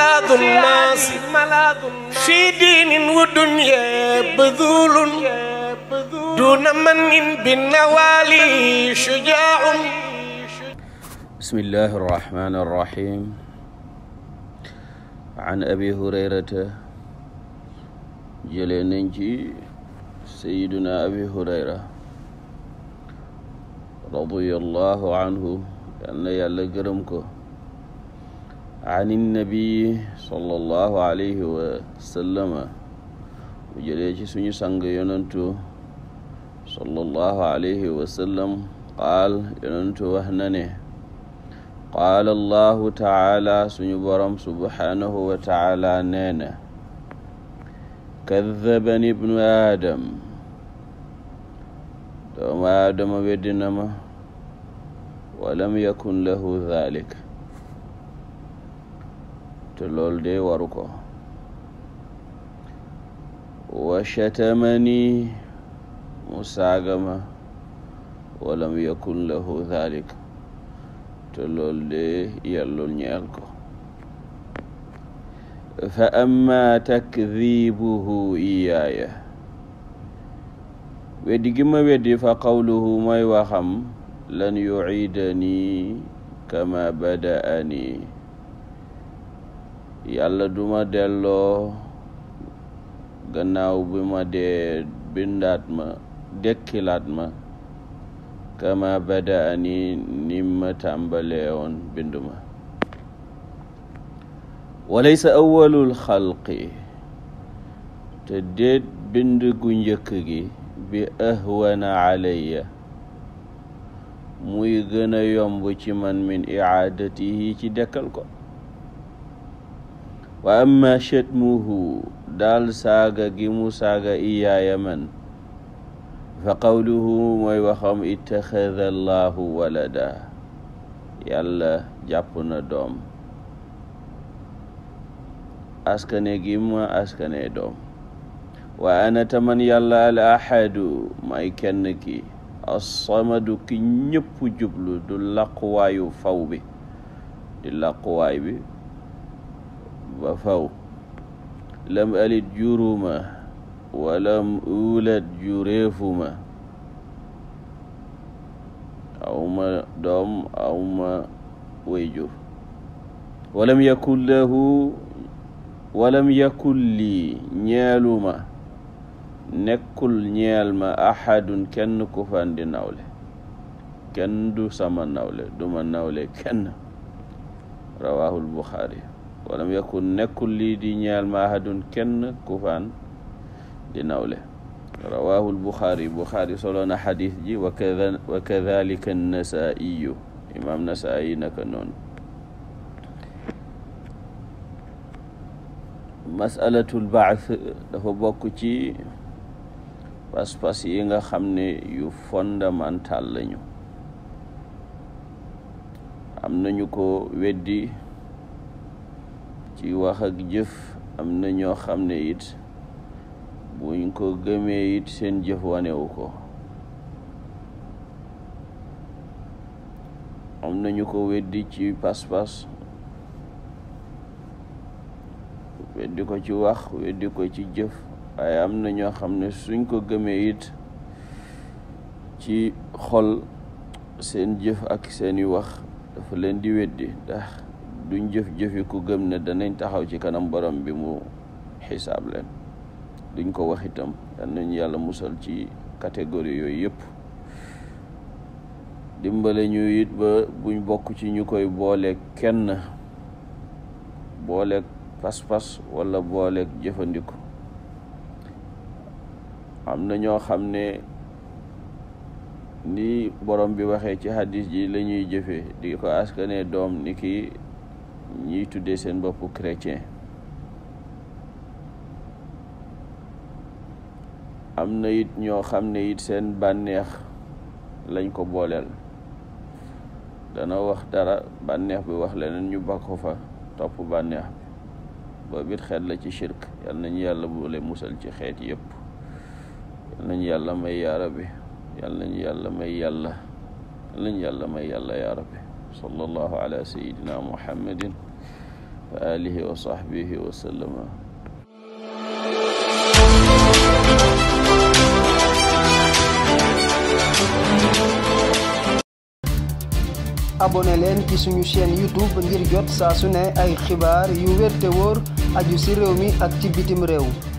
ملاذ الناس في دين ودنيا بذول دون من بالنوالي شجاع بسم الله الرحمن الرحيم عن أبي هريرة جلننجي سيدنا أبي هريرة رضي الله عنه أن يلا قرمكو an innabi sallallahu alayhi wa sallama mu jëlee ci suñu sang yonentu sallallahu alayhi wa sallam qaal yonentu wax na ne qaala allahu taala suñu borom subhaanahu wa taala nee na kaddabani ibnu aadam doomu aadama weddina ma walam yakun lahu dhalik te loolu de waru ko wa chatamani mu saagama walam yakun lahu dhalik te loolu de yàllul ñeel ko fa amma takdibuhu iyaaya weddi gi ma weddi fa qawluhu mooy waxam lan yuciidani kama badaani yàlla duma delloo gannaaw bi ma dee bindaat ma dekkilaat ma kama bada ani ni ma tàmbalee woon bind ma walaysa awalul xalqi te déet bind gu njëkk gi bi ahwana alayya muy gën a yomb ci man min icaadatihi ci dekkal ko wa amma shatmuhu daal saaga gi mu saaga iyaaya man fa qawluhu mooy waxam ittaxada allahu walada yàlla jàpp na doom askane gi ma askane doom wa ana taman yàlla al ahadu may kenn ki assamadu ki ñëpp jublu du laquwaayu faw bi di laquwaay bi ba faw lam alit juruma walam ulat jureefuma awma doom awma wayjur walam yakun lahu walam yakun lii ñeeluma nekkul ñeel ma kenn ku fandi nawle kenn du sama nawle duma nawle kenn rawahul buxaari walam yakun nekkul lii di ñeel mahadun kenn kufaan di nawle rawahu lbuxaari buxaari soloona xadis ji wa kadalika nasaiyu imam nasaayi naka noonu masalatu lbaath dafa bokk ci pas yi nga xam ne yu fondamental lañu am nañu ko weddi ci wax ak jëf am na ñoo xam ne it ñu ko gëmee it seen jëf wanewu ko am na ñu ko weddi ci pas-pas weddi ko ci wax weddi ko ci jëf waaye am na ñoo xam ne suñ ko gëmee it ci xol seen jëf ak seeni wax dafa leen di weddi duñ jëf-jëfi ku gëm ne danañ taxaw ci kanam borom bi mu xisaab leen duñ ko wax itam yal nañu yàlla musal ci catégorie yooyu yëpp dimbale ñu it ba buñ bokk ci ñu koy booleek kenn booleeg pas-pas walla booleek jëfandiku am na ñoo xam ne ni borom bi waxee ci hadis ji la ñuy di ko askanee doom ni kii ñuy tuddee seen boppu chrétien am na it ñoo xam ne it seen bànneex lañ ko booleel dana wax dara bànneex bi wax leneen ñu ba fa topp bànneex bi boobu xeet la ci shirk yal nañu yàlla boole musal ci xeet yépp yal nañu yàlla may yaara bi yal nañu yàlla may yàlla yal nañu yàlla may yàlla yaara bi sala allahu ala sayidina muhammadin leen ci suñu chaîne youtube ngir jot saa su ne ay xibaar yu wér te wóor aju ci réew mi ak ci bitim réew